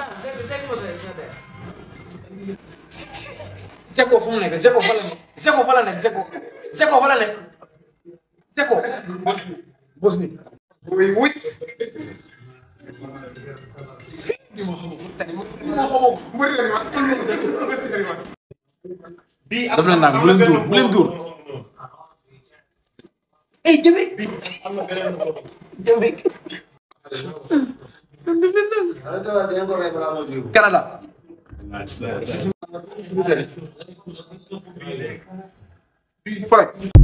daal dégg dégg nga sa Zeko fu mu nekk Zeko fa la nekk Zeko fa la nekk Zeko Zeko fa la nekk Zeko. bos bi wuy wuy. di ma xamagum tani ma xamagum mbëri la ni ma. bii am na bu leen dóor bu leen dóor. ay jëme. am na beneen Canada. Pare.